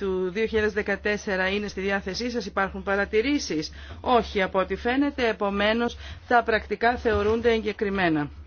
του 2014 είναι στη διάθεσή σας, υπάρχουν παρατηρήσεις. Όχι, από ό,τι φαίνεται, επομένως τα πρακτικά θεωρούνται εγκεκριμένα.